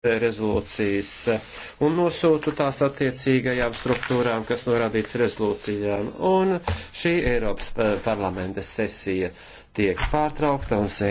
rezolūcijas eh, un nosūtu tās attiecīgajām struktūrām, kas norādīts rezolūcijām. Un šī Eiropas eh, parlamenta sesija tiek pārtraukta un sēž.